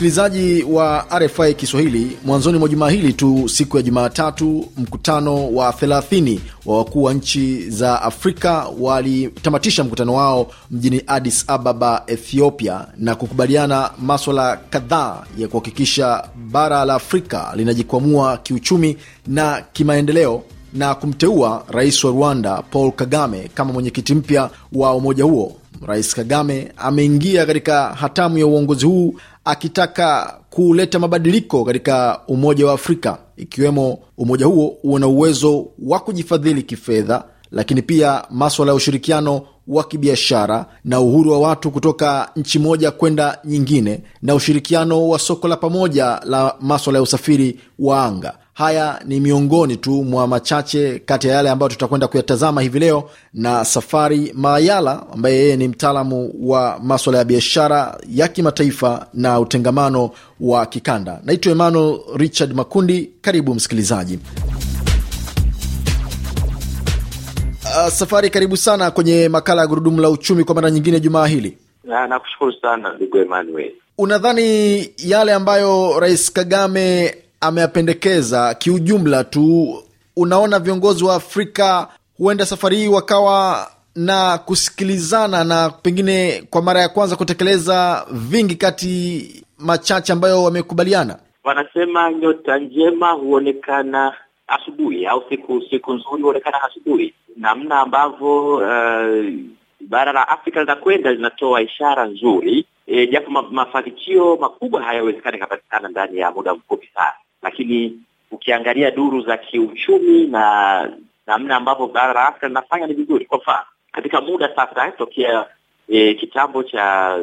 Msikilizaji wa RFI Kiswahili, mwanzoni mwa jumaa hili tu, siku ya jumaatatu mkutano wa 30 wa wakuu wa nchi za Afrika walitamatisha mkutano wao mjini adis Ababa, Ethiopia, na kukubaliana maswala kadhaa ya kuhakikisha bara la Afrika linajikwamua kiuchumi na kimaendeleo na kumteua rais wa Rwanda Paul Kagame kama mwenyekiti mpya wa umoja huo. Rais Kagame ameingia katika hatamu ya uongozi huu akitaka kuleta mabadiliko katika Umoja wa Afrika, ikiwemo umoja huo uwe na uwezo wa kujifadhili kifedha, lakini pia maswala ya ushirikiano wa kibiashara na uhuru wa watu kutoka nchi moja kwenda nyingine na ushirikiano wa soko la pamoja la maswala ya usafiri wa anga. Haya ni miongoni tu mwa machache kati ya yale ambayo tutakwenda kuyatazama hivi leo na Safari Mayala ambaye yeye ni mtaalamu wa maswala ya biashara ya kimataifa na utengamano wa kikanda. Naitwa Emmanuel Richard Makundi. Karibu msikilizaji. Uh, Safari, karibu sana kwenye makala ya Gurudumu la Uchumi kwa mara nyingine jumaa hili. Nakushukuru sana ndugu Emmanuel. Unadhani yale ambayo Rais Kagame ameyapendekeza. Kiujumla tu, unaona viongozi wa Afrika huenda safari hii wakawa na kusikilizana na pengine kwa mara ya kwanza kutekeleza vingi kati machache ambayo wamekubaliana. Wanasema nyota njema huonekana asubuhi au siku siku nzuri huonekana asubuhi. Namna ambavyo uh, bara la Afrika linakwenda linatoa ishara nzuri, e, japo e, mafanikio makubwa hayawezekani kupatikana ndani ya muda mfupi sana lakini ukiangalia duru za kiuchumi na namna ambavyo bara la Afrika linafanya ni vizuri. Kwa mfano, katika muda sasa tokea e, kitambo cha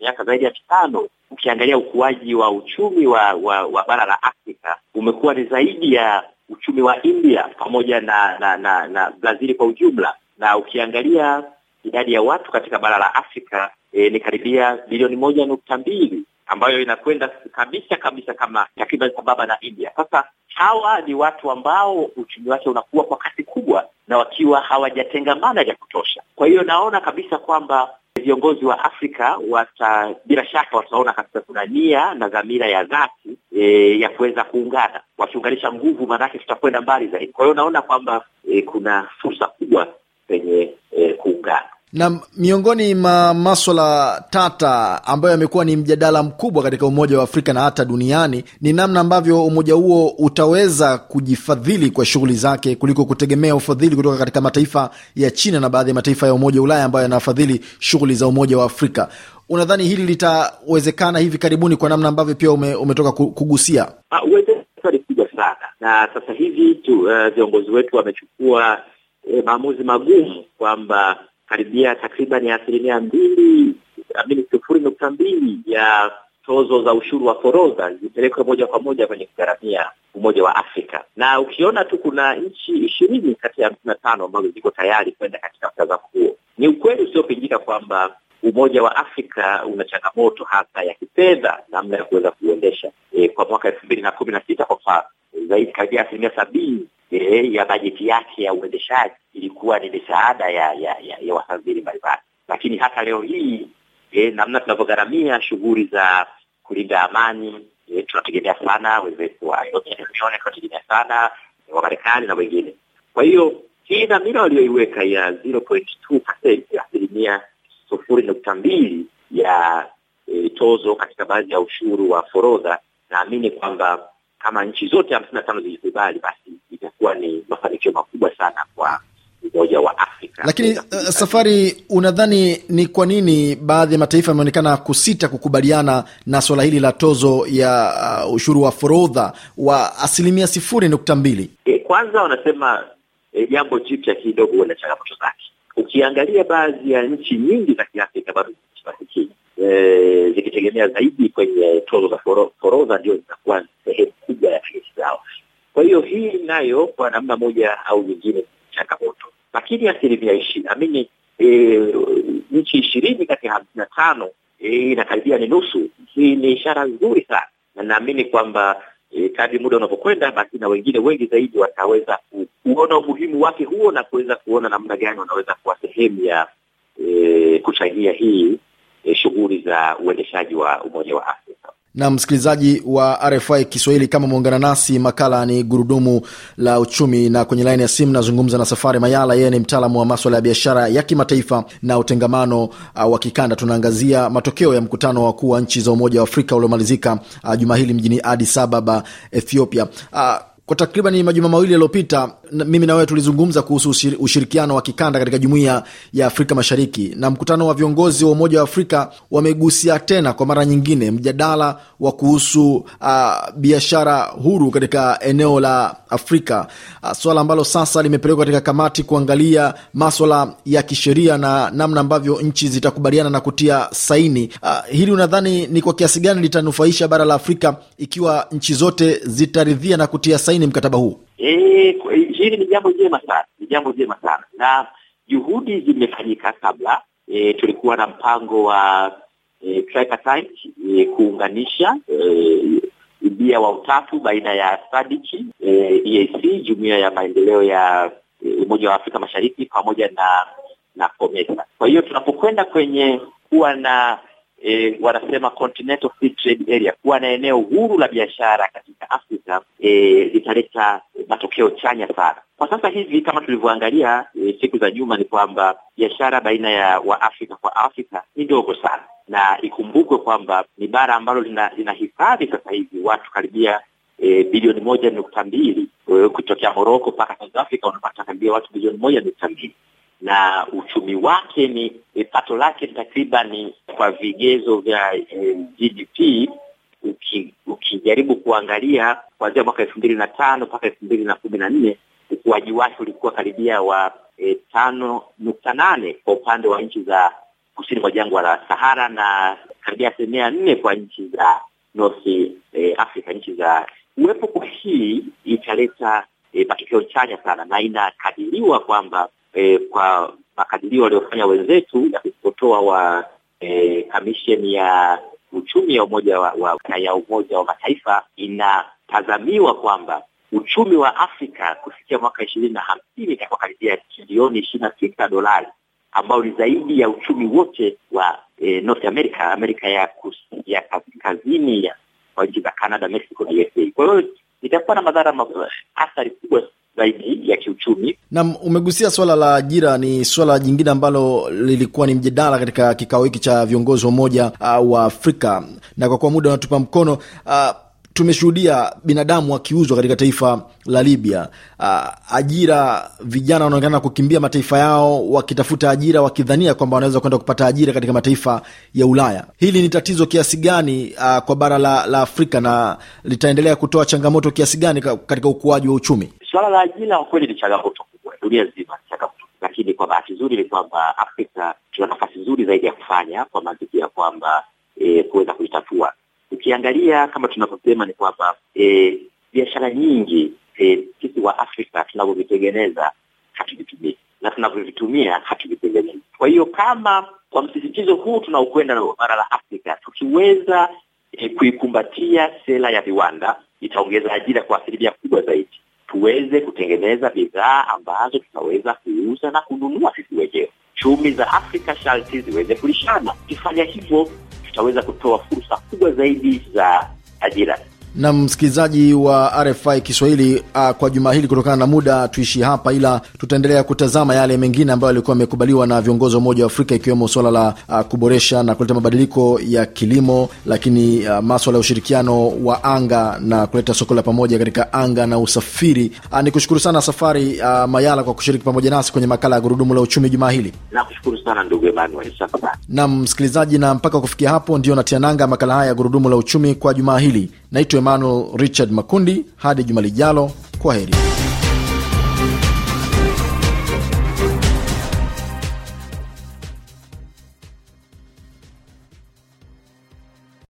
miaka zaidi ya mitano, ukiangalia ukuaji wa uchumi wa, wa, wa bara la Afrika umekuwa ni zaidi ya uchumi wa India pamoja na na, na, na Brazil kwa ujumla, na ukiangalia idadi ya watu katika bara la Afrika e, ni karibia bilioni moja nukta mbili ambayo inakwenda kabisa kabisa kama takriban sambamba na India. Sasa hawa ni watu ambao uchumi wake unakuwa kwa kasi kubwa na wakiwa hawajatengamana vya kutosha. Kwa hiyo naona kabisa kwamba viongozi wa Afrika wata bila shaka wataona kabisa kuna nia na dhamira ya dhati e, ya kuweza kuungana. Wakiunganisha nguvu, maanake tutakwenda mbali zaidi. Kwa hiyo naona kwamba e, kuna fursa kubwa kwenye e, kuungana. Na miongoni mwa maswala tata ambayo yamekuwa ni mjadala mkubwa katika Umoja wa Afrika na hata duniani ni namna ambavyo umoja huo utaweza kujifadhili kwa shughuli zake kuliko kutegemea ufadhili kutoka katika mataifa ya China na baadhi ya mataifa ya Umoja wa Ulaya ambayo yanafadhili shughuli za Umoja wa Afrika. Unadhani hili litawezekana hivi karibuni kwa namna ambavyo pia ume, umetoka kugusia? Ah, kubwa sana, na sasa hivi tu eh, viongozi uh, wetu wamechukua eh, maamuzi magumu kwamba karibia takriban asilimia mbili amini sifuri nukta mbili ya tozo za ushuru wa forodha zipelekwe moja kwa moja kwenye kugharamia Umoja wa Afrika, na ukiona tu kuna nchi ishirini kati ya hamsini na tano ambazo ziko tayari kwenda katika mtazamo huo. Ni ukweli usiopingika kwamba Umoja wa Afrika una changamoto hasa ya kifedha, namna ya kuweza kuuendesha. E, eh, kwa mwaka elfu mbili na kumi na sita kwa zaidi karibia asilimia sabini e, ya bajeti yake ya uendeshaji ilikuwa ni misaada ya ya, ya, ya wafadhili mbalimbali, lakini hata leo hii e, namna tunavyogharamia shughuli za kulinda amani e, tunategemea sana wenzetu wa tunategemea sana wa Marekani na wengine. Kwa hiyo hii dhamira walioiweka ya 0.2% asilimia sufuri nukta mbili ya e, tozo katika baadhi ya ushuru wa forodha, naamini kwamba kama nchi zote hamsini na tano zilikubali basi imekuwa ni mafanikio makubwa sana kwa Umoja wa Afrika. Lakini uh, Safari, unadhani ni kwa nini baadhi ya mataifa yameonekana kusita kukubaliana na suala hili la tozo ya uh, ushuru wa forodha wa asilimia sifuri nukta mbili? E, kwanza wanasema eh, jambo e, jipya kidogo na changamoto zake. Ukiangalia baadhi ya nchi nyingi za Kiafrika bado eh, zikitegemea zaidi kwenye tozo za forodha, ndio zinakuwa kwa hiyo hii nayo kwa namna moja au nyingine changamoto, lakini asilimia ishirini amini e, nchi ishirini kati ya hamsini na tano e, inakaribia ni nusu. Hii ni ishara nzuri sana, na naamini kwamba e, kadri muda unavyokwenda basi na wengine wengi zaidi wataweza kuona umuhimu wake huo na kuweza kuona namna gani wanaweza kuwa sehemu ya e, kuchangia hii e, shughuli za uendeshaji wa Umoja wa Afya na msikilizaji wa RFI Kiswahili, kama umeungana nasi, makala ni gurudumu la uchumi, na kwenye laini ya simu nazungumza na Safari Mayala. Yeye ni mtaalamu wa maswala ya biashara ya kimataifa na utengamano uh, wa kikanda. Tunaangazia matokeo ya mkutano wa wakuu wa nchi za Umoja wa Afrika uliomalizika uh, juma hili mjini adis Ababa, Ethiopia. Uh, kwa takriban majuma mawili yaliyopita mimi na wewe tulizungumza kuhusu ushirikiano wa kikanda katika jumuiya ya Afrika Mashariki, na mkutano wa viongozi wa Umoja wa Afrika wamegusia tena kwa mara nyingine mjadala wa kuhusu uh, biashara huru katika eneo la Afrika, uh, swala ambalo sasa limepelekwa katika kamati kuangalia maswala ya kisheria na namna ambavyo nchi zitakubaliana na kutia saini. Uh, hili unadhani ni kwa kiasi gani litanufaisha bara la Afrika ikiwa nchi zote zitaridhia na kutia saini mkataba huu? E, hili ni jambo jema sana, ni jambo jema sana, na juhudi zimefanyika kabla. E, tulikuwa na mpango wa e, tripartite e, kuunganisha e, ubia wa utatu baina ya SADC, e, EAC, jumuiya ya maendeleo ya e, Umoja wa Afrika Mashariki pamoja na na COMESA. Kwa hiyo tunapokwenda kwenye kuwa na e, wanasema continental free trade area, kuwa na eneo huru la biashara katika Afrika e, litaleta e, matokeo chanya sana. Kwa sasa hivi kama tulivyoangalia e, siku za nyuma, ni kwamba biashara baina ya Waafrika kwa Afrika ni ndogo sana, na ikumbukwe kwamba ni bara ambalo linahifadhi lina sasa hivi watu karibia E, bilioni moja nukta mbili e, kutokea Moroko mpaka South Africa karibia watu bilioni moja nukta mbili na uchumi wake ni e, pato lake takriban kwa vigezo vya e, eh, GDP uki, ukijaribu kuangalia kuanzia mwaka elfu mbili na tano mpaka elfu mbili na kumi na nne ukuaji wake ulikuwa karibia wa e, tano nukta nane kwa upande wa nchi za kusini mwa jangwa la Sahara na karibia asilimia nne kwa nchi za North e, Africa, nchi za uwepo. Kwa hii italeta e, matokeo chanya sana, na inakadiriwa kwamba e, kwa makadirio waliofanya wenzetu ya kutoa wa e, kamisheni ya uchumi ya Umoja wa, wa, ya Umoja wa Mataifa inatazamiwa kwamba uchumi wa Afrika kufikia mwaka ishirini na hamsini itakuwa karibia trilioni ishirini na sita dolari ambao ni zaidi ya uchumi wote wa e, North America, Amerika ya kaskazini ya, kazini, ya nchi za Canada, Mexico na USA. Kwa hiyo itakuwa na madhara, athari kubwa zaidi ya kiuchumi. Naam, umegusia swala la ajira, ni swala jingine ambalo lilikuwa ni mjadala katika kikao hiki cha viongozi wa Umoja uh, wa Afrika, na kwa kuwa muda unatupa mkono uh, tumeshuhudia binadamu wakiuzwa katika taifa la Libya. Uh, ajira, vijana wanaonekana kukimbia mataifa yao wakitafuta ajira, wakidhania kwamba wanaweza kwenda kupata ajira katika mataifa ya Ulaya. Hili ni tatizo kiasi gani uh, kwa bara la, la Afrika na litaendelea kutoa changamoto kiasi gani katika ukuaji wa uchumi? Swala la ajira kwa kweli ni changamoto kubwa, dunia nzima ni changamoto, lakini kwa bahati nzuri ni kwamba Afrika tuna nafasi nzuri zaidi ya kufanya kwa mantiki ya kwamba e, kuweza kuitatua. Ukiangalia kama tunavyosema ni kwamba e, biashara nyingi e, sisi wa Afrika tunavyovitengeneza hatuvitumii na tunavyovitumia hatuvitengenezi. Kwa hiyo kama kwa msisitizo huu tunaokwenda na bara la Afrika tukiweza e, kuikumbatia sera ya viwanda itaongeza ajira kwa asilimia kubwa zaidi tuweze kutengeneza bidhaa ambazo tutaweza kuuza na kununua sisi wenyewe. Chumi za Afrika sharti ziweze kulishana. ukifanya hivyo, tutaweza kutoa fursa kubwa zaidi za ajira na msikilizaji wa RFI Kiswahili uh, kwa juma hili, kutokana na muda tuishi hapa, ila tutaendelea kutazama yale mengine ambayo yalikuwa yamekubaliwa na viongozi wa Umoja wa Afrika, ikiwemo swala la uh, kuboresha na kuleta mabadiliko ya kilimo, lakini uh, maswala ya ushirikiano wa anga na kuleta soko la pamoja katika anga na usafiri. Uh, ni kushukuru sana Safari uh, Mayala kwa kushiriki pamoja nasi kwenye makala ya Gurudumu la Uchumi juma hili. Nakushukuru sana ndugu Emanuel. Naam msikilizaji, na mpaka kufikia hapo ndio natia nanga makala haya ya Gurudumu la Uchumi kwa juma hili. Naitwa Emmanuel Richard Makundi. Hadi juma lijalo, kwa heri.